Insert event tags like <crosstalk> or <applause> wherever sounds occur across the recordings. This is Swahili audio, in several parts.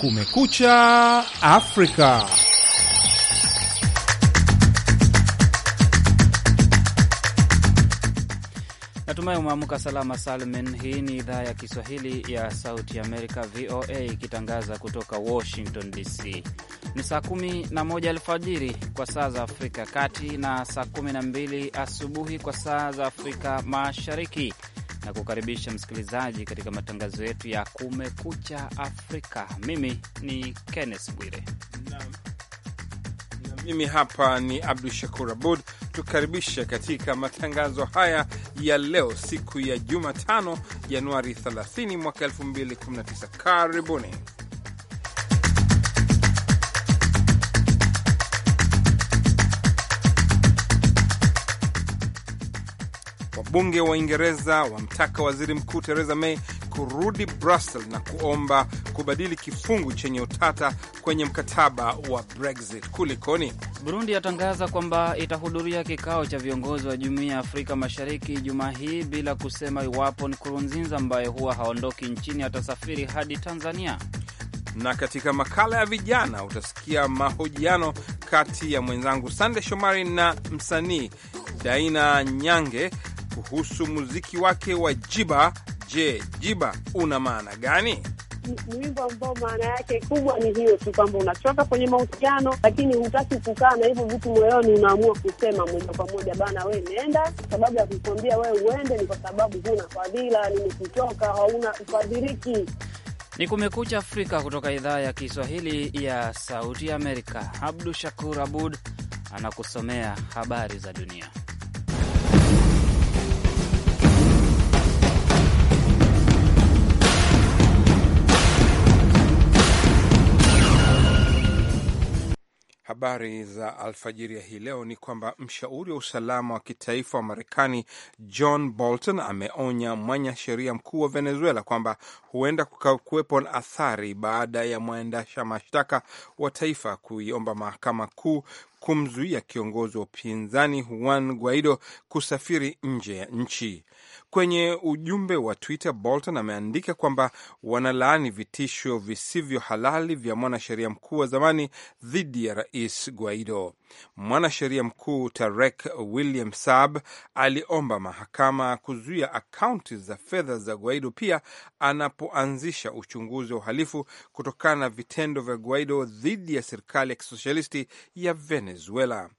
Kumekucha Afrika. Natumai umeamka salama salmin. Hii ni idhaa ya Kiswahili ya Sauti Amerika, VOA, ikitangaza kutoka Washington DC. Ni saa 11 alfajiri kwa saa za Afrika kati na saa 12 asubuhi kwa saa za Afrika Mashariki na kukaribisha msikilizaji katika matangazo yetu ya Kumekucha Afrika. Mimi ni Kenneth Bwire na, na mimi hapa ni Abdu Shakur Abud. Tukaribishe katika matangazo haya ya leo, siku ya Jumatano, Januari 30 mwaka 2019. Karibuni. Wabunge wa Uingereza wamtaka waziri mkuu Theresa May kurudi Brussels na kuomba kubadili kifungu chenye utata kwenye mkataba wa Brexit. Kulikoni? Burundi yatangaza kwamba itahudhuria kikao cha viongozi wa Jumuiya ya Afrika Mashariki Jumaa hii bila kusema iwapo Nkurunziza ambaye huwa haondoki nchini atasafiri hadi Tanzania na katika makala ya vijana utasikia mahojiano kati ya mwenzangu Sande Shomari na msanii Daina Nyange kuhusu muziki wake wa Jiba. Je, Jiba una maana gani? wimbo ambao maana yake kubwa ni hiyo tu, kwamba unachoka kwenye mahusiano, lakini hutaki kukaa na hivyo vitu moyoni, unaamua kusema moja kwa moja, bana, we nenda. Sababu ya kukwambia wewe uende ni kwa sababu huna fadhila, nimekuchoka, hauna ufadhiriki Ni Kumekucha Afrika kutoka idhaa ya Kiswahili ya Sauti ya Amerika. Abdu Shakur Abud anakusomea habari za dunia. habari za alfajiri ya hii leo ni kwamba mshauri wa usalama wa kitaifa wa Marekani John Bolton ameonya mwanya sheria mkuu wa Venezuela kwamba huenda kuwepo na athari baada ya mwendesha mashtaka wa taifa kuiomba mahakama kuu kumzuia kiongozi wa upinzani Juan Guaido kusafiri nje ya nchi. Kwenye ujumbe wa Twitter, Bolton ameandika kwamba wanalaani vitisho visivyo halali vya mwanasheria mkuu wa zamani dhidi ya rais Guaido. Mwanasheria mkuu Tarek William Saab aliomba mahakama kuzuia akaunti za fedha za Guaido pia anapoanzisha uchunguzi wa uhalifu kutokana na vitendo vya Guaido dhidi ya serikali ya kisosialisti ya Venezuela.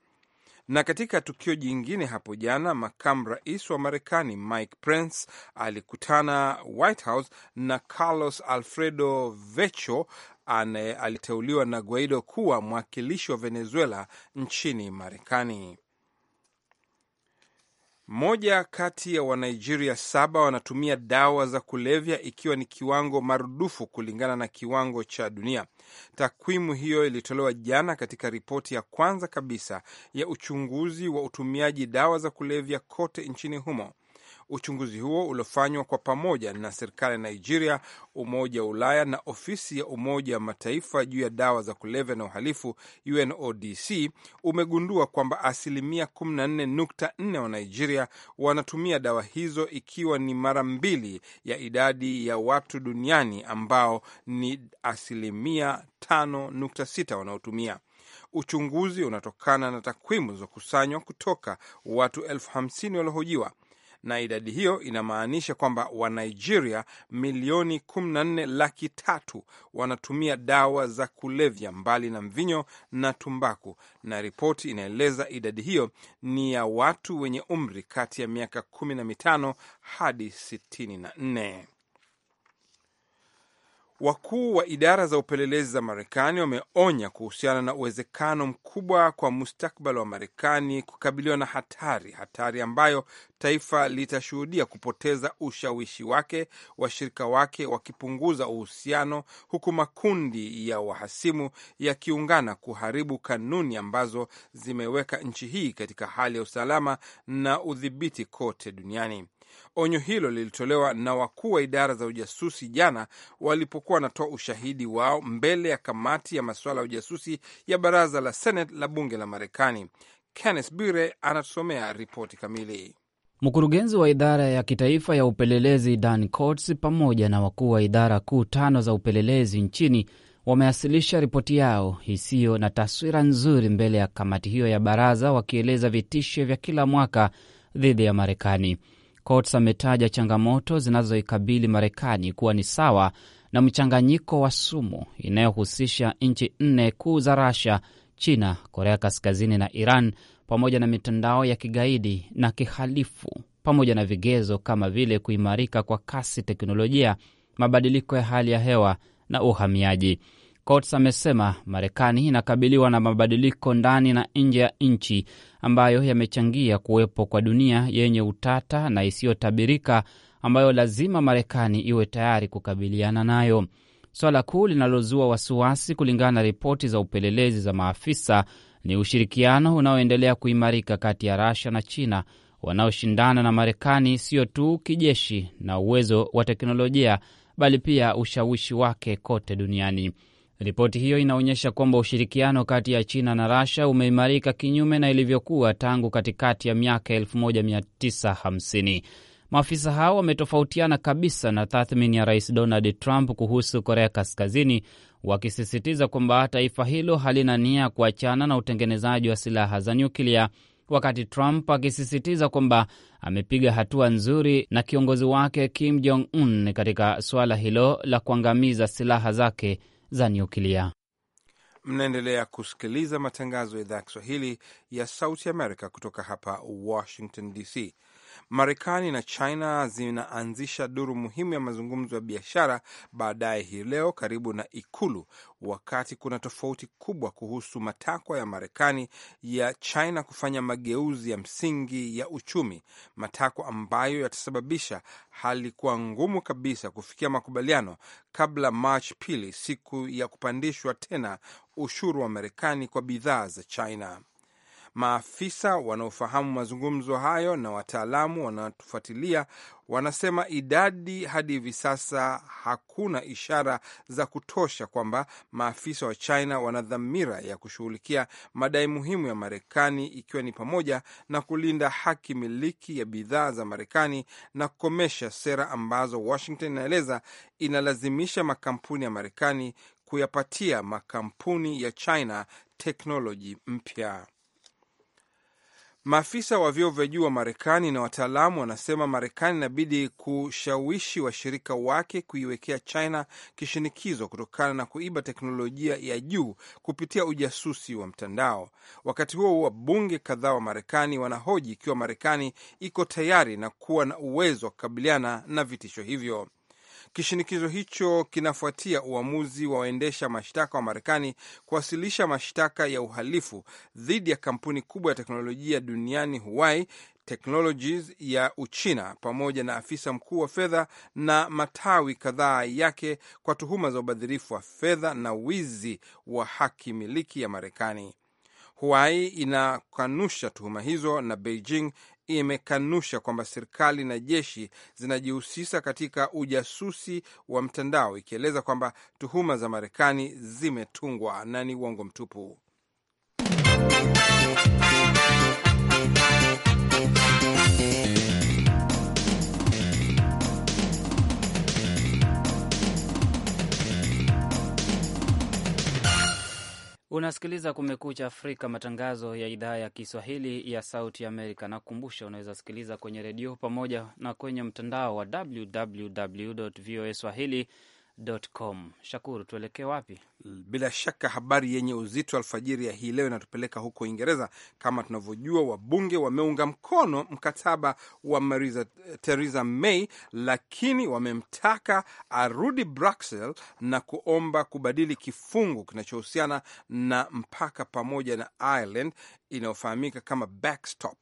Na katika tukio jingine hapo jana, makamu rais wa Marekani Mike Pence alikutana White House na Carlos Alfredo Vecho aliteuliwa na Guaido kuwa mwakilishi wa Venezuela nchini Marekani. Moja kati ya Wanigeria saba wanatumia dawa za kulevya, ikiwa ni kiwango marudufu kulingana na kiwango cha dunia. Takwimu hiyo ilitolewa jana katika ripoti ya kwanza kabisa ya uchunguzi wa utumiaji dawa za kulevya kote nchini humo. Uchunguzi huo uliofanywa kwa pamoja na serikali ya Nigeria, Umoja wa Ulaya na ofisi ya Umoja wa Mataifa juu ya dawa za kulevya na uhalifu UNODC umegundua kwamba asilimia 14.4 wa Nigeria wanatumia dawa hizo, ikiwa ni mara mbili ya idadi ya watu duniani ambao ni asilimia 5.6 wanaotumia Uchunguzi unatokana na takwimu zilizokusanywa kutoka watu elfu hamsini waliohojiwa na idadi hiyo inamaanisha kwamba Wanigeria milioni kumi na nne laki tatu wanatumia dawa za kulevya mbali na mvinyo na tumbaku, na ripoti inaeleza idadi hiyo ni ya watu wenye umri kati ya miaka kumi na mitano hadi sitini na nne. Wakuu wa idara za upelelezi za Marekani wameonya kuhusiana na uwezekano mkubwa kwa mustakbal wa Marekani kukabiliwa na hatari, hatari ambayo taifa litashuhudia kupoteza ushawishi wake, washirika wake wakipunguza uhusiano, huku makundi ya wahasimu yakiungana kuharibu kanuni ambazo zimeweka nchi hii katika hali ya usalama na udhibiti kote duniani. Onyo hilo lilitolewa na wakuu wa idara za ujasusi jana walipokuwa wanatoa ushahidi wao mbele ya kamati ya masuala ya ujasusi ya baraza la Senate la bunge la Marekani. Kenneth bure anatusomea ripoti kamili. Mkurugenzi wa idara ya kitaifa ya upelelezi Dan Coats pamoja na wakuu wa idara kuu tano za upelelezi nchini wamewasilisha ripoti yao isiyo na taswira nzuri mbele ya kamati hiyo ya baraza, wakieleza vitisho vya kila mwaka dhidi ya Marekani. Coats ametaja changamoto zinazoikabili Marekani kuwa ni sawa na mchanganyiko wa sumu inayohusisha nchi nne kuu za Russia, China, Korea Kaskazini na Iran, pamoja na mitandao ya kigaidi na kihalifu, pamoja na vigezo kama vile kuimarika kwa kasi teknolojia, mabadiliko ya hali ya hewa na uhamiaji. Coats amesema Marekani inakabiliwa na mabadiliko ndani na nje ya nchi ambayo yamechangia kuwepo kwa dunia yenye utata na isiyotabirika ambayo lazima Marekani iwe tayari kukabiliana nayo. Swala kuu linalozua wasiwasi, kulingana na ripoti za upelelezi za maafisa, ni ushirikiano unaoendelea kuimarika kati ya rasha na China wanaoshindana na Marekani sio tu kijeshi na uwezo wa teknolojia, bali pia ushawishi wake kote duniani. Ripoti hiyo inaonyesha kwamba ushirikiano kati ya China na Russia umeimarika kinyume na ilivyokuwa tangu katikati ya miaka 1950. Maafisa hao wametofautiana kabisa na tathmini ya Rais Donald Trump kuhusu Korea Kaskazini, wakisisitiza kwamba taifa hilo halina nia ya kuachana na utengenezaji wa silaha za nyuklia, wakati Trump akisisitiza kwamba amepiga hatua nzuri na kiongozi wake Kim Jong Un katika suala hilo la kuangamiza silaha zake za nyuklia. Mnaendelea kusikiliza matangazo ya idhaa ya Kiswahili ya Sauti Amerika kutoka hapa Washington DC. Marekani na China zinaanzisha duru muhimu ya mazungumzo ya biashara baadaye hii leo karibu na Ikulu, wakati kuna tofauti kubwa kuhusu matakwa ya Marekani ya China kufanya mageuzi ya msingi ya uchumi, matakwa ambayo yatasababisha hali kuwa ngumu kabisa kufikia makubaliano kabla mach pili, siku ya kupandishwa tena ushuru wa Marekani kwa bidhaa za China. Maafisa wanaofahamu mazungumzo hayo na wataalamu wanatufuatilia wanasema idadi hadi hivi sasa hakuna ishara za kutosha kwamba maafisa wa China wana dhamira ya kushughulikia madai muhimu ya Marekani, ikiwa ni pamoja na kulinda haki miliki ya bidhaa za Marekani na kukomesha sera ambazo Washington inaeleza inalazimisha makampuni ya Marekani kuyapatia makampuni ya China teknoloji mpya. Maafisa wa vyeo vya juu wa Marekani na wataalamu wanasema Marekani inabidi kushawishi washirika wake kuiwekea China kishinikizo kutokana na kuiba teknolojia ya juu kupitia ujasusi wa mtandao. Wakati huo, wabunge kadhaa wa Marekani wanahoji ikiwa Marekani iko tayari na kuwa na uwezo wa kukabiliana na vitisho hivyo. Kishinikizo hicho kinafuatia uamuzi wa waendesha mashtaka wa Marekani kuwasilisha mashtaka ya uhalifu dhidi ya kampuni kubwa ya teknolojia duniani Huawei Technologies ya Uchina pamoja na afisa mkuu wa fedha na matawi kadhaa yake kwa tuhuma za ubadhirifu wa fedha na wizi wa haki miliki ya Marekani. Huawei inakanusha tuhuma hizo na Beijing imekanusha kwamba serikali na jeshi zinajihusisha katika ujasusi wa mtandao, ikieleza kwamba tuhuma za Marekani zimetungwa na ni uongo mtupu. Unasikiliza Kumekucha Afrika, matangazo ya idhaa ya Kiswahili ya Sauti Amerika. Nakukumbusha unaweza sikiliza kwenye redio pamoja na kwenye mtandao wa www voa swahili Com. Shakuru, tuelekee wapi? Bila shaka habari yenye uzito alfajiri ya hii leo inatupeleka huko Uingereza. Kama tunavyojua, wabunge wameunga mkono mkataba wa Marisa, Theresa May, lakini wamemtaka arudi Bruxelles na kuomba kubadili kifungu kinachohusiana na mpaka pamoja na Ireland inayofahamika kama backstop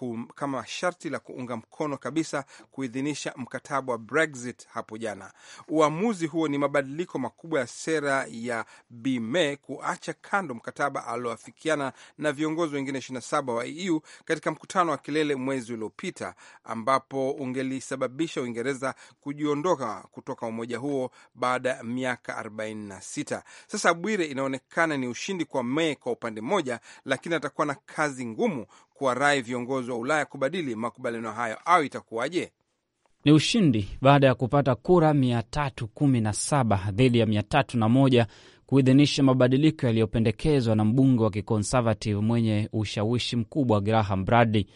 kum, kama sharti la kuunga mkono kabisa kuidhinisha mkataba wa Brexit hapo jana. Uamuzi huo ni mabadiliko makubwa ya sera ya bme kuacha kando mkataba alioafikiana na viongozi wengine 27 wa EU katika mkutano wa kilele mwezi uliopita, ambapo ungelisababisha Uingereza kujiondoka kutoka umoja huo baada ya miaka 46. Sasa Bwire, inaonekana ni ushindi kwa May kwa upande mmoja, lakini atakuwa na kazi ngumu kuwarai viongozi wa Ulaya kubadili makubaliano hayo au itakuwaje? Ni ushindi baada ya kupata kura 317 dhidi ya 301 kuidhinisha mabadiliko yaliyopendekezwa na mbunge wa kiconservative mwenye ushawishi mkubwa Graham Brady.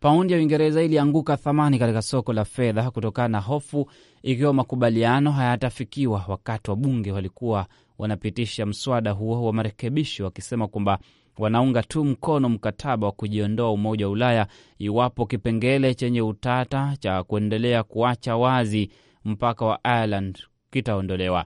Paundi ya Uingereza ilianguka thamani katika soko la fedha kutokana na hofu ikiwa makubaliano hayatafikiwa, wakati bunge walikuwa wanapitisha mswada huo wa marekebisho wakisema kwamba wanaunga tu mkono mkataba wa kujiondoa Umoja wa Ulaya iwapo kipengele chenye utata cha kuendelea kuacha wazi mpaka wa Ireland kitaondolewa.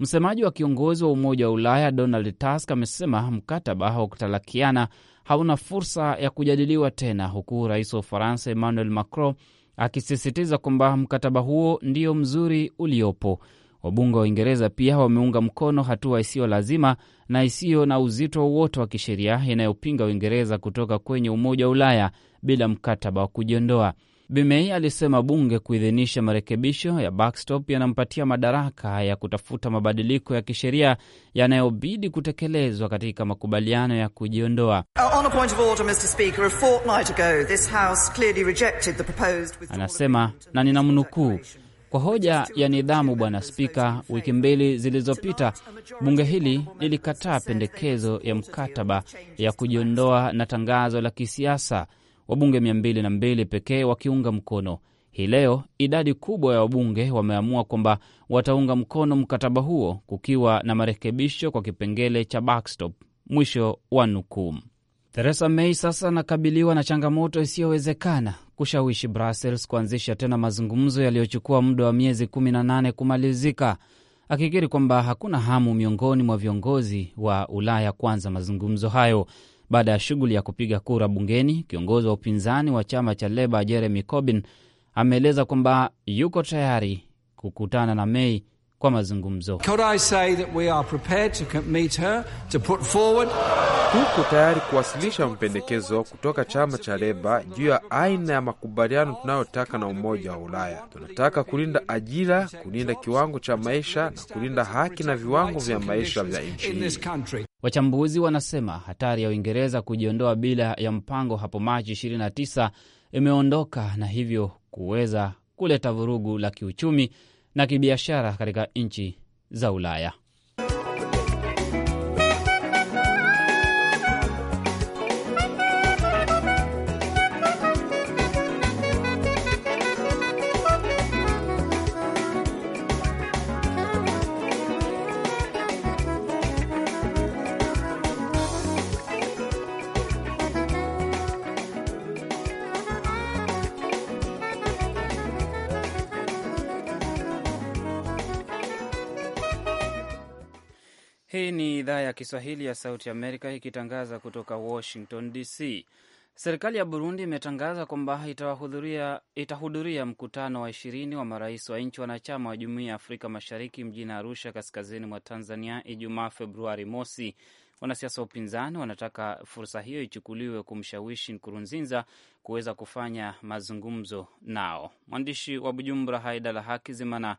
Msemaji wa kiongozi wa Umoja wa Ulaya Donald Tusk amesema mkataba wa kutalakiana hauna fursa ya kujadiliwa tena, huku rais wa Ufaransa Emmanuel Macron akisisitiza kwamba mkataba huo ndio mzuri uliopo. Wabunge wa Uingereza pia wameunga mkono hatua isiyo lazima na isiyo na uzito wowote wa kisheria inayopinga Uingereza kutoka kwenye Umoja wa Ulaya bila mkataba wa kujiondoa. Bimei alisema bunge kuidhinisha marekebisho ya backstop yanampatia madaraka ya kutafuta mabadiliko ya kisheria yanayobidi kutekelezwa katika makubaliano ya kujiondoa. Anasema na ninamnukuu kwa hoja ya nidhamu, Bwana Spika, wiki mbili zilizopita bunge hili lilikataa pendekezo ya mkataba ya kujiondoa na tangazo la kisiasa, wabunge mia mbili na mbili pekee wakiunga mkono. Hii leo idadi kubwa ya wabunge wameamua kwamba wataunga mkono mkataba huo kukiwa na marekebisho kwa kipengele cha backstop. Mwisho wa nukuu. Theresa May sasa anakabiliwa na changamoto isiyowezekana kushawishi Brussels kuanzisha tena mazungumzo yaliyochukua muda wa miezi 18 kumalizika, akikiri kwamba hakuna hamu miongoni mwa viongozi wa Ulaya kuanza mazungumzo hayo. Baada ya shughuli ya kupiga kura bungeni, kiongozi wa upinzani wa chama cha Leba Jeremy Corbyn ameeleza kwamba yuko tayari kukutana na May kwa mazungumzo. Tuko tayari kuwasilisha mapendekezo kutoka chama cha Leba juu ya aina ya makubaliano tunayotaka na Umoja wa Ulaya. Tunataka kulinda ajira, kulinda kiwango cha maisha na kulinda haki na viwango vya maisha vya nchi hii. Wachambuzi wanasema hatari ya Uingereza kujiondoa bila ya mpango hapo Machi 29 imeondoka na hivyo kuweza kuleta vurugu la kiuchumi na kibiashara katika nchi za Ulaya. ya Kiswahili ya Sauti Amerika ikitangaza kutoka Washington DC. Serikali ya Burundi imetangaza kwamba itahudhuria mkutano wa ishirini wa marais wa nchi wanachama wa jumuia ya Afrika Mashariki mjini Arusha, kaskazini mwa Tanzania, Ijumaa Februari mosi. Wanasiasa wa upinzani wanataka fursa hiyo ichukuliwe kumshawishi Nkurunziza kuweza kufanya mazungumzo nao. Mwandishi wa Bujumbura, Haidala Hakizimana,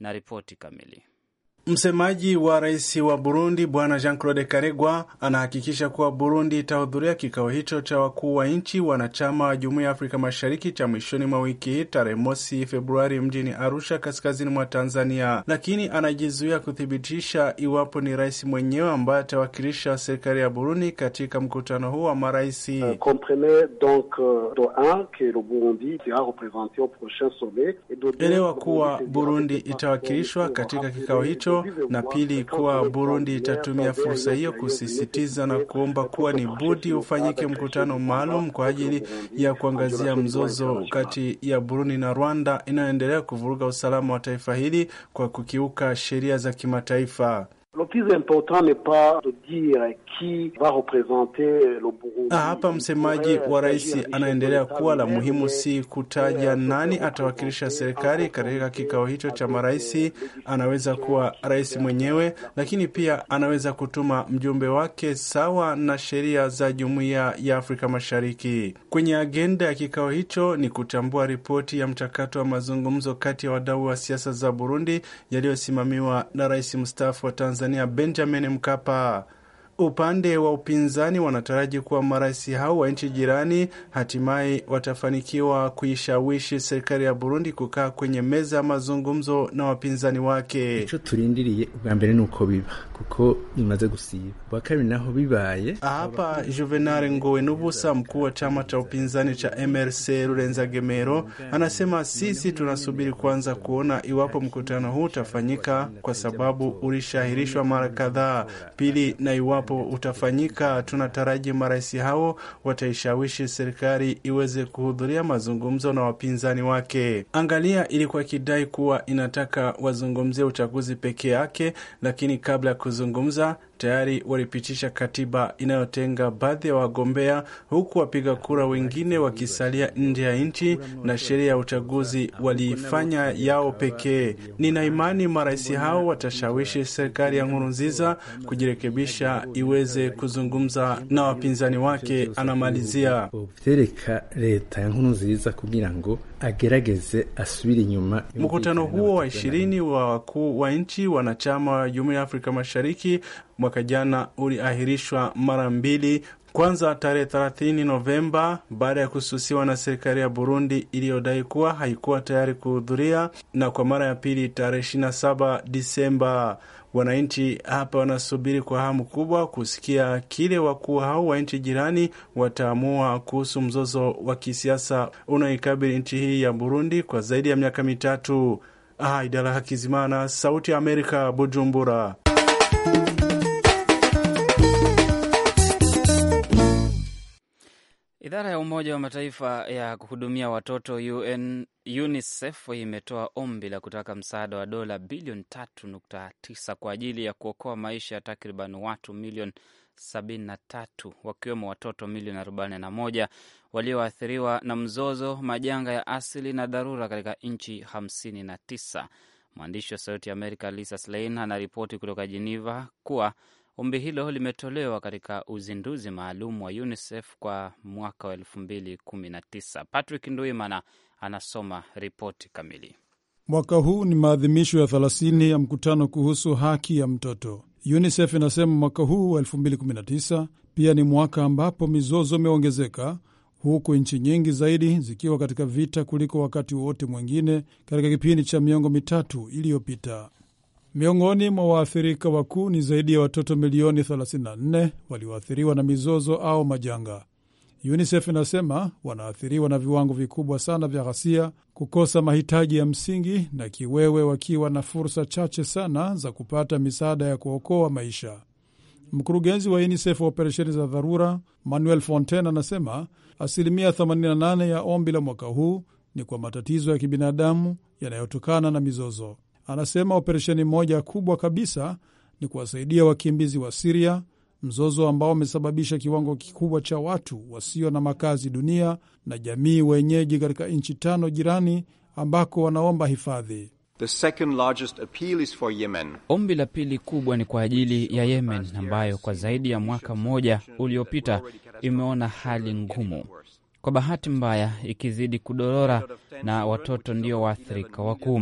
na ripoti kamili. Msemaji wa rais wa Burundi bwana Jean Claude Karegwa anahakikisha kuwa Burundi itahudhuria kikao hicho cha wakuu wa nchi wanachama wa jumuiya ya Afrika Mashariki cha mwishoni mwa wiki hii tarehe mosi Februari mjini Arusha, kaskazini mwa Tanzania, lakini anajizuia kuthibitisha iwapo ni rais mwenyewe ambaye atawakilisha serikali ya Burundi katika mkutano huu wa maraisi. Euh, euh, Elewa kuwa Burundi itawakilishwa katika kikao hicho hicho, na pili kuwa Burundi itatumia fursa hiyo kusisitiza na kuomba kuwa ni budi ufanyike mkutano maalum kwa ajili ya kuangazia mzozo kati ya Burundi na Rwanda inayoendelea kuvuruga usalama wa taifa hili kwa kukiuka sheria za kimataifa. Le plus important n'est pas de dire qui va représenter le Burundi. Ah, hapa msemaji wa rais anaendelea kuwa la muhimu si kutaja nani atawakilisha serikali katika kikao hicho cha marais. Anaweza kuwa rais mwenyewe, lakini pia anaweza kutuma mjumbe wake sawa na sheria za Jumuiya ya Afrika Mashariki. Kwenye agenda ya kikao hicho ni kutambua ripoti ya mchakato wa mazungumzo kati ya wadau wa siasa za Burundi yaliyosimamiwa na rais mstaafu wa Tanzania Tanzania Benjamin Mkapa. Upande wa upinzani wanataraji kuwa marais hao wa nchi jirani hatimaye watafanikiwa kuishawishi serikali ya Burundi kukaa kwenye meza ya mazungumzo na wapinzani wake. ico turindiriye ubwa mbere biba kuko gusiba ubwa kabiri naho bibaye. Hapa Juvenal Nubusa, mkuu wa chama cha upinzani cha MRC Gemero, anasema sisi tunasubiri kwanza kuona iwapo mkutano huu utafanyika, kwa sababu ulishahirishwa mara kadhaa. Pili, na iwapo ambapo utafanyika, tunataraji marais hao wataishawishi serikali iweze kuhudhuria mazungumzo na wapinzani wake. Angalia ilikuwa ikidai kuwa inataka wazungumzie uchaguzi peke yake, lakini kabla ya kuzungumza tayari walipitisha katiba inayotenga baadhi ya wagombea huku wapiga kura wengine wakisalia nje ya nchi, na sheria ya uchaguzi waliifanya yao pekee. Nina imani marais hao watashawishi serikali ya Nkurunziza kujirekebisha iweze kuzungumza na wapinzani wake, anamalizia leta ya agerageze asubire inyuma. Mkutano huo wa ishirini wa wakuu wa nchi wanachama wa Jumuiya ya Afrika Mashariki mwaka jana uliahirishwa mara mbili kwanza tarehe 30 Novemba, baada ya kususiwa na serikali ya Burundi iliyodai kuwa haikuwa tayari kuhudhuria, na kwa mara ya pili tarehe 27 Disemba. Wananchi hapa wanasubiri kwa hamu kubwa kusikia kile wakuu hao wa nchi jirani wataamua kuhusu mzozo wa kisiasa unaoikabili nchi hii ya Burundi kwa zaidi ya miaka mitatu. aidala Hakizimana, Sauti ya Amerika, Bujumbura. Idara ya Umoja wa Mataifa ya kuhudumia watoto UN, UNICEF imetoa ombi la kutaka msaada wa dola bilioni 3.9 kwa ajili ya kuokoa maisha ya takriban watu milioni 73 wakiwemo watoto milioni 41 walioathiriwa na mzozo, majanga ya asili na dharura katika nchi 59. Mwandishi wa Sauti ya Amerika Lisa Slein anaripoti kutoka Jeneva kuwa Ombi hilo limetolewa katika uzinduzi maalum wa UNICEF kwa mwaka wa tisa. Patrick Ndwimana anasoma ripoti kamili. Mwaka huu ni maadhimisho ya 30 ya mkutano kuhusu haki ya mtoto. UNICEF inasema mwaka huu wa 2019 pia ni mwaka ambapo mizozo imeongezeka huku nchi nyingi zaidi zikiwa katika vita kuliko wakati wowote mwingine katika kipindi cha miongo mitatu iliyopita. Miongoni mwa waathirika wakuu ni zaidi ya watoto milioni 34 walioathiriwa na mizozo au majanga. UNICEF inasema wanaathiriwa na viwango vikubwa sana vya ghasia, kukosa mahitaji ya msingi na kiwewe, wakiwa na fursa chache sana za kupata misaada ya kuokoa maisha. Mkurugenzi wa UNICEF wa operesheni za dharura Manuel Fontaine anasema asilimia 88 ya ombi la mwaka huu ni kwa matatizo ya kibinadamu yanayotokana na mizozo. Anasema operesheni moja kubwa kabisa ni kuwasaidia wakimbizi wa Siria, mzozo ambao umesababisha kiwango kikubwa cha watu wasio na makazi dunia na jamii wenyeji katika nchi tano jirani ambako wanaomba hifadhi. Ombi la pili kubwa ni kwa ajili ya Yemen ambayo kwa zaidi ya mwaka mmoja uliopita imeona hali ngumu, kwa bahati mbaya ikizidi kudorora, na watoto ndio waathirika wakuu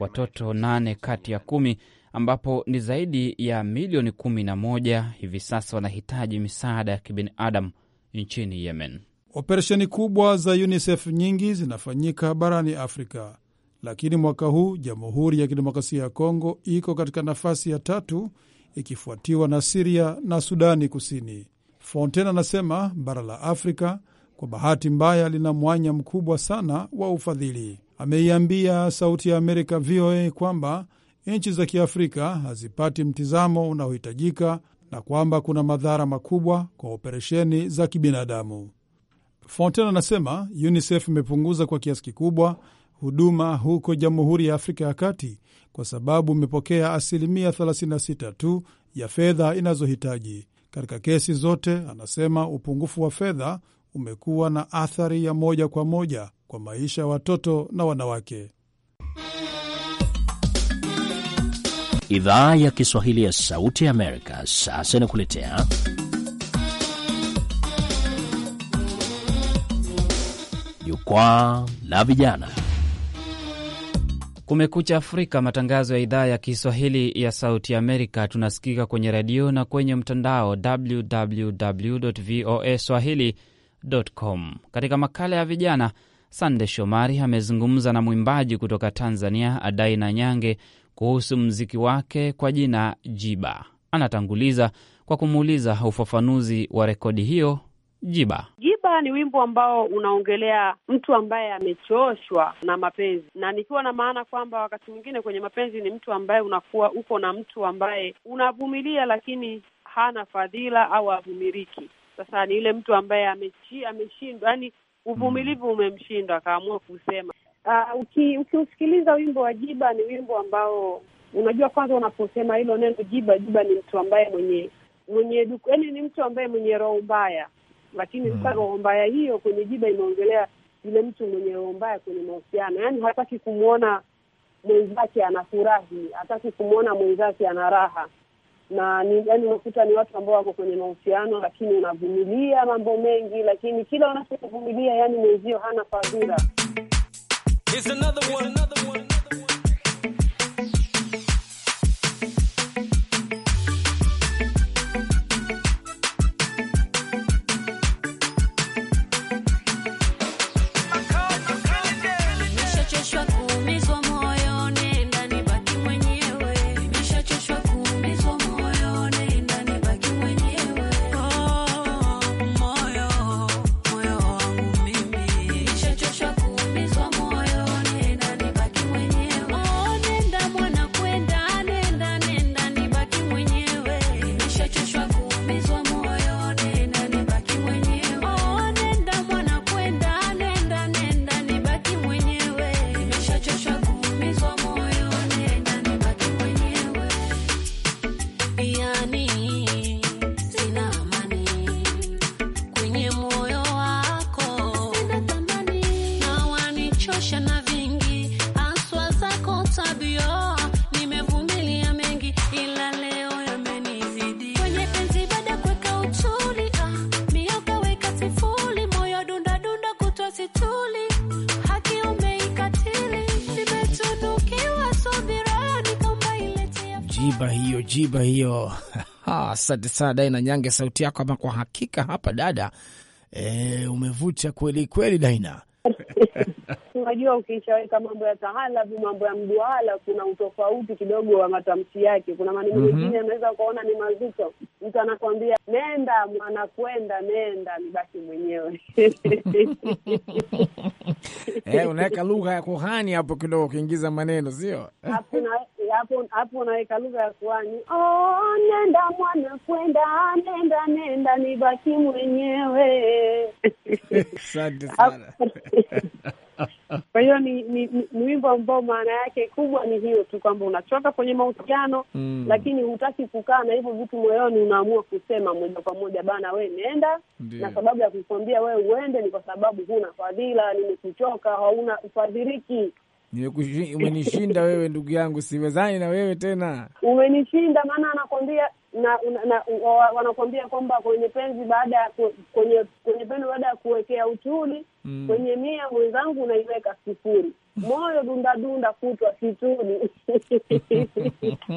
watoto nane kati ya kumi ambapo ni zaidi ya milioni kumi na moja hivi sasa wanahitaji misaada ya kibinadamu nchini Yemen. Operesheni kubwa za UNICEF nyingi zinafanyika barani Afrika, lakini mwaka huu Jamhuri ya Kidemokrasia ya Kongo iko katika nafasi ya tatu ikifuatiwa na Siria na Sudani Kusini. Fontaine anasema bara la Afrika kwa bahati mbaya lina mwanya mkubwa sana wa ufadhili ameiambia Sauti ya Amerika VOA kwamba nchi za Kiafrika hazipati mtizamo unaohitajika na kwamba kuna madhara makubwa kwa operesheni za kibinadamu. Fonten anasema UNICEF imepunguza kwa kiasi kikubwa huduma huko Jamhuri ya Afrika ya Kati kwa sababu imepokea asilimia 36 tu ya fedha inazohitaji. Katika kesi zote, anasema upungufu wa fedha umekuwa na athari ya moja kwa moja kwa maisha ya watoto na wanawake. Idhaa ya Kiswahili ya Sauti ya Amerika sasa inakuletea Jukwaa la Vijana. Kumekucha Afrika, matangazo ya idhaa ya Kiswahili ya Sauti Amerika. Tunasikika kwenye redio na kwenye mtandao www voa swahili com. Katika makala ya vijana Sande Shomari amezungumza na mwimbaji kutoka Tanzania Adaina Nyange kuhusu mziki wake kwa jina Jiba. Anatanguliza kwa kumuuliza ufafanuzi wa rekodi hiyo Jiba. Jiba ni wimbo ambao unaongelea mtu ambaye amechoshwa na mapenzi, na nikiwa na maana kwamba wakati mwingine kwenye mapenzi ni mtu ambaye unakuwa uko na mtu ambaye unavumilia, lakini hana fadhila au avumiriki Sasa ni ile mtu ambaye ameshindwa, yani Uvumilivu hmm. umemshinda akaamua kusema. Uh, uki, wimbo wa Jiba ni wimbo ambao unajua, kwanza unaposema hilo neno Jiba, Jiba ni mtu ambaye mwenye mwenye yani ni mtu ambaye mwenye roho mbaya, lakini sasa mm, roho mbaya hiyo kwenye Jiba imeongelea yule mtu mwenye roho mbaya kwenye mahusiano, yani hataki kumwona mwenzake anafurahi, hataki kumwona mwenzake ana raha na ni yani, unakuta ni watu ambao wako kwenye mahusiano, lakini unavumilia mambo mengi, lakini kila wanachovumilia, yani mwenzio hana fadhila. tiba hiyo. <laughs> Ah, asante sana Daina Nyange, sauti yako ama kwa hakika hapa dada, e, umevuta kweli kweli Daina. <laughs> Unajua, ukishaweka mambo ya tahalabu, mambo ya mduala, kuna utofauti kidogo wa matamshi yake. Kuna maneno mhm. mengine mm -hmm. anaweza ukaona ni mazito, mtu anakwambia nenda mwana, kwenda nenda, basi mwenyewe <laughs> eh, unaweka lugha ya kuhani hapo kidogo, ukiingiza maneno sio hapo hapo naweka lugha ya kuani. Oh, nenda mwana kwenda, nenda nenda, nibaki mwenyewe. Asante <laughs> sana. Kwa hiyo ni, mwimbo ambao maana yake kubwa ni hiyo tu kwamba unachoka kwenye mahusiano mm, lakini hutaki kukaa na hivyo vitu moyoni, unaamua kusema moja kwa moja, bana, we nenda. Na sababu ya kukwambia wewe uende ni kwa sababu huna fadhila, nimekuchoka, hauna ufadhiriki umenishinda wewe ndugu yangu, siwezani na wewe tena, umenishinda. Maana anakwambia na, na, na wanakwambia kwamba kwenye penzi baada ya kwenye kwenye pendo baada ya kuwekea uchuli mm. kwenye mia mwenzangu unaiweka sifuri, moyo dunda dunda kutwa situni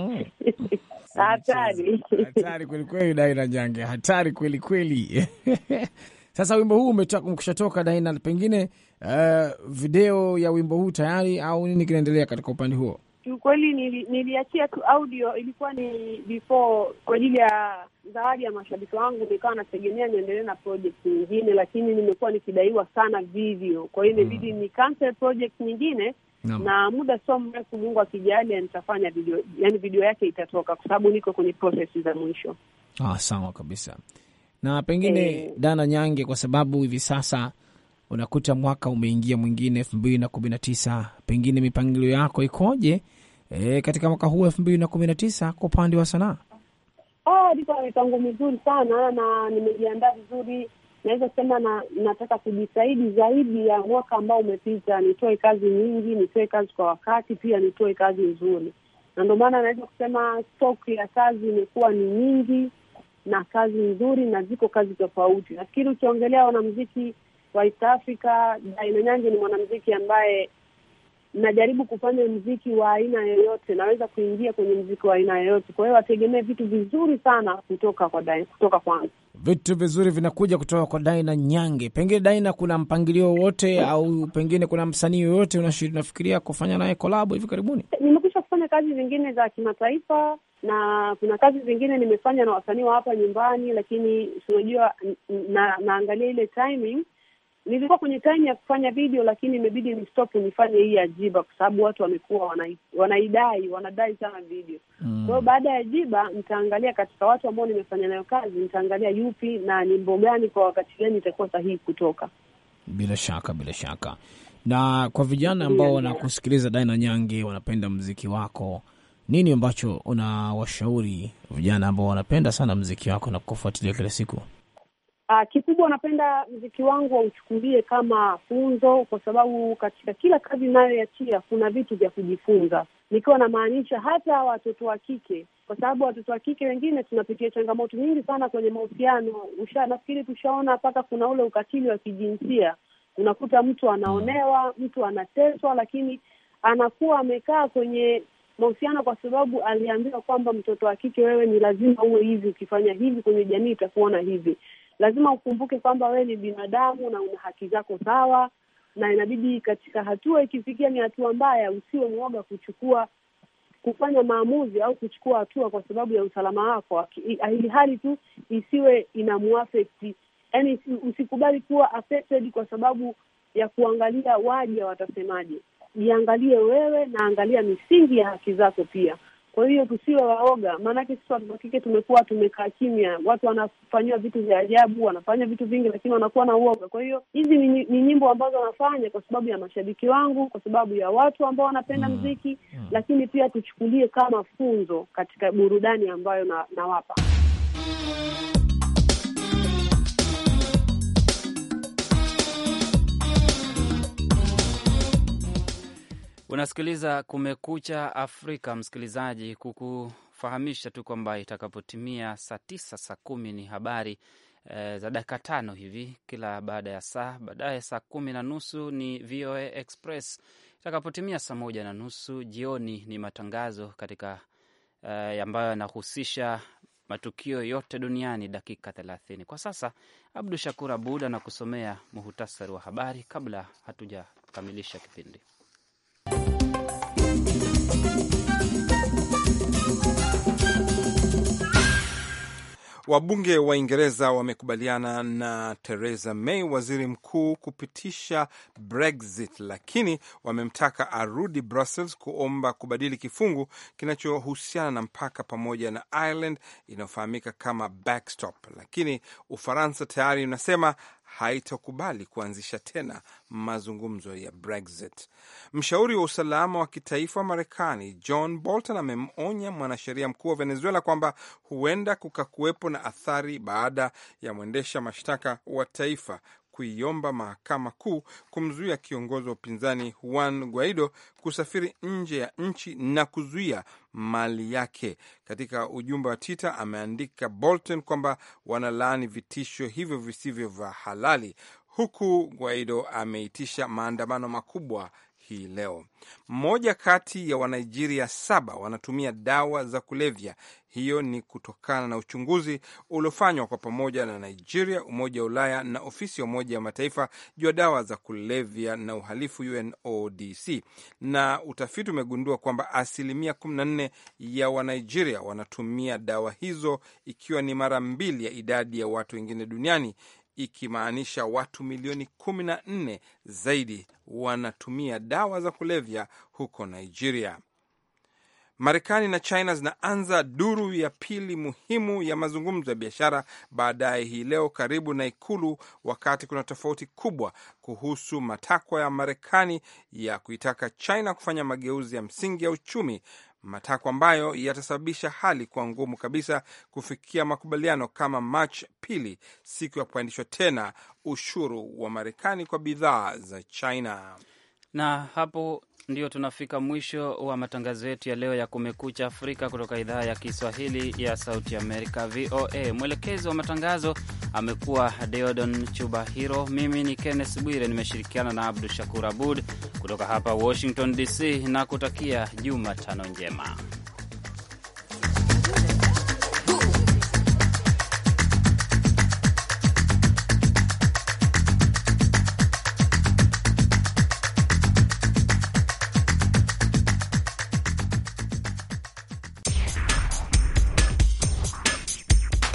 <laughs> hatari hatari kwelikweli, Daina Jange, hatari kwelikweli. <laughs> Sasa wimbo huu umekushatoka Daina, pengine uh, video ya wimbo huu tayari au nini kinaendelea katika upande huo? Kiukweli niliachia tu audio, ilikuwa ni before kwa ajili ya zawadi ya mashabiki wangu, nikawa nategemea niendelee na project nyingine, lakini nimekuwa nikidaiwa sana video, kwa hiyo imebidi mm. ni cancel project nyingine na muda sio mrefu, Mungu akijali, nitafanya video, yani video yake itatoka, kwa sababu niko kwenye process za mwisho. Ah, sawa kabisa. Na pengine e, Dana Nyange, kwa sababu hivi sasa unakuta mwaka umeingia mwingine elfu mbili na kumi na tisa, pengine mipangilio yako ikoje e, katika mwaka huu elfu mbili na kumi na tisa kwa upande wa sanaa? Oh, niko mipango mizuri sana na nimejiandaa vizuri naweza sema na, nataka kujisaidi zaidi ya mwaka ambao umepita, nitoe kazi nyingi, nitoe kazi kwa wakati, pia nitoe kazi nzuri, na ndio maana naweza kusema stock ya kazi imekuwa ni nyingi na kazi nzuri, na ziko kazi tofauti. Nafikiri ukiongelea wanamziki wa East Africa. Daino Nyange ni mwanamuziki ambaye najaribu kufanya mziki wa aina yoyote, naweza kuingia kwenye mziki wa aina yoyote. Kwa hiyo wategemee vitu vizuri sana kutoka kwa Daina, kutoka kwangu. Vitu vizuri vinakuja kutoka kwa Daina Nyange. Pengine Daina, kuna mpangilio wowote au pengine kuna msanii yoyote unafikiria kufanya naye kolabo hivi karibuni? Nimekwisha kufanya kazi zingine za kimataifa na kuna kazi zingine nimefanya na wasanii wa hapa nyumbani, lakini unajua, na naangalia ile timing nilikuwa kwenye time ya kufanya video, lakini imebidi ni stop nifanye hii ajiba kwa sababu watu wamekuwa wanaidai wanadai sana video mm. Kwa hiyo baada ya Jiba nitaangalia katika watu ambao nimefanya nayo kazi, nitaangalia yupi na nyimbo gani kwa wakati gani itakuwa sahihi kutoka. Bila shaka, bila shaka. Na kwa vijana ambao wanakusikiliza Daina Nyange, wanapenda mziki wako, nini ambacho unawashauri vijana ambao wanapenda sana mziki wako na kufuatilia kila siku? Uh, kikubwa napenda mziki wangu wauchukulie kama funzo, kwa sababu katika kila kazi inayoachia kuna vitu vya kujifunza, nikiwa namaanisha hata watoto wa kike, kwa sababu watoto wa kike wengine tunapitia changamoto nyingi sana kwenye mahusiano. Usha nafikiri tushaona mpaka kuna ule ukatili wa kijinsia, unakuta mtu anaonewa, mtu anateswa, lakini anakuwa amekaa kwenye mahusiano kwa sababu aliambiwa kwamba mtoto wa kike, wewe ni lazima uwe hivi, ukifanya hivi kwenye jamii itakuona hivi lazima ukumbuke kwamba wewe ni binadamu na una haki zako sawa, na inabidi katika hatua ikifikia ni hatua mbaya, usiwe mwoga kuchukua kufanya maamuzi au kuchukua hatua kwa sababu ya usalama wako, ili hali tu isiwe ina muafekti. Yani usikubali kuwa affected kwa sababu ya kuangalia waja watasemaje. Jiangalie wewe na angalia misingi ya haki zako pia. Kwa hiyo tusiwe waoga, maanake sisi watu wa kike tumekuwa tumekaa kimya. Watu wanafanyiwa vitu vya ajabu, wanafanya vitu vingi, lakini wanakuwa na uoga. Kwa hiyo hizi ni, ni nyimbo ambazo wanafanya kwa sababu ya mashabiki wangu, kwa sababu ya watu ambao wanapenda mm, mziki mm, lakini pia tuchukulie kama funzo katika burudani ambayo nawapa na Unasikiliza Kumekucha Afrika, msikilizaji, kukufahamisha tu kwamba itakapotimia saa tisa saa kumi ni habari e, za dakika tano hivi kila baada ya saa. Baadaye saa kumi na nusu ni VOA Express. Itakapotimia saa moja na nusu jioni ni matangazo katika e, ambayo yanahusisha matukio yote duniani, dakika thelathini. Kwa sasa, Abdu Shakur Abud anakusomea muhutasari wa habari kabla hatujakamilisha kipindi. Wabunge wa Uingereza wamekubaliana na Theresa May, waziri mkuu, kupitisha Brexit, lakini wamemtaka arudi Brussels kuomba kubadili kifungu kinachohusiana na mpaka pamoja na Ireland inayofahamika kama backstop, lakini Ufaransa tayari unasema haitakubali kuanzisha tena mazungumzo ya Brexit. Mshauri wa usalama wa kitaifa wa Marekani John Bolton amemonya mwanasheria mkuu wa Venezuela kwamba huenda kukakuwepo na athari baada ya mwendesha mashtaka wa taifa kuiomba mahakama kuu kumzuia kiongozi wa upinzani Juan Guaido kusafiri nje ya nchi na kuzuia mali yake. Katika ujumbe wa Twitter ameandika Bolton kwamba wanalaani vitisho hivyo visivyo vya halali, huku Guaido ameitisha maandamano makubwa hii leo. Mmoja kati ya Wanigeria saba wanatumia dawa za kulevya. Hiyo ni kutokana na uchunguzi uliofanywa kwa pamoja na Nigeria, Umoja wa Ulaya na ofisi ya Umoja wa Mataifa juu ya dawa za kulevya na uhalifu UNODC, na utafiti umegundua kwamba asilimia 14 ya Wanigeria wanatumia dawa hizo, ikiwa ni mara mbili ya idadi ya watu wengine duniani, ikimaanisha watu milioni kumi na nne zaidi wanatumia dawa za kulevya huko Nigeria. Marekani na China zinaanza duru ya pili muhimu ya mazungumzo ya biashara baadaye hii leo karibu na Ikulu, wakati kuna tofauti kubwa kuhusu matakwa ya Marekani ya kuitaka China kufanya mageuzi ya msingi ya uchumi matakwa ambayo yatasababisha hali kuwa ngumu kabisa kufikia makubaliano kama Machi pili, siku ya kupandishwa tena ushuru wa Marekani kwa bidhaa za China. Na hapo ndio tunafika mwisho wa matangazo yetu ya leo ya Kumekucha Afrika kutoka idhaa ya Kiswahili ya Sauti Amerika, VOA. Mwelekezi wa matangazo amekuwa Deodon Chubahiro. Mimi ni Kenneth Bwire, nimeshirikiana na Abdu Shakur Abud kutoka hapa Washington DC, na kutakia Jumatano njema.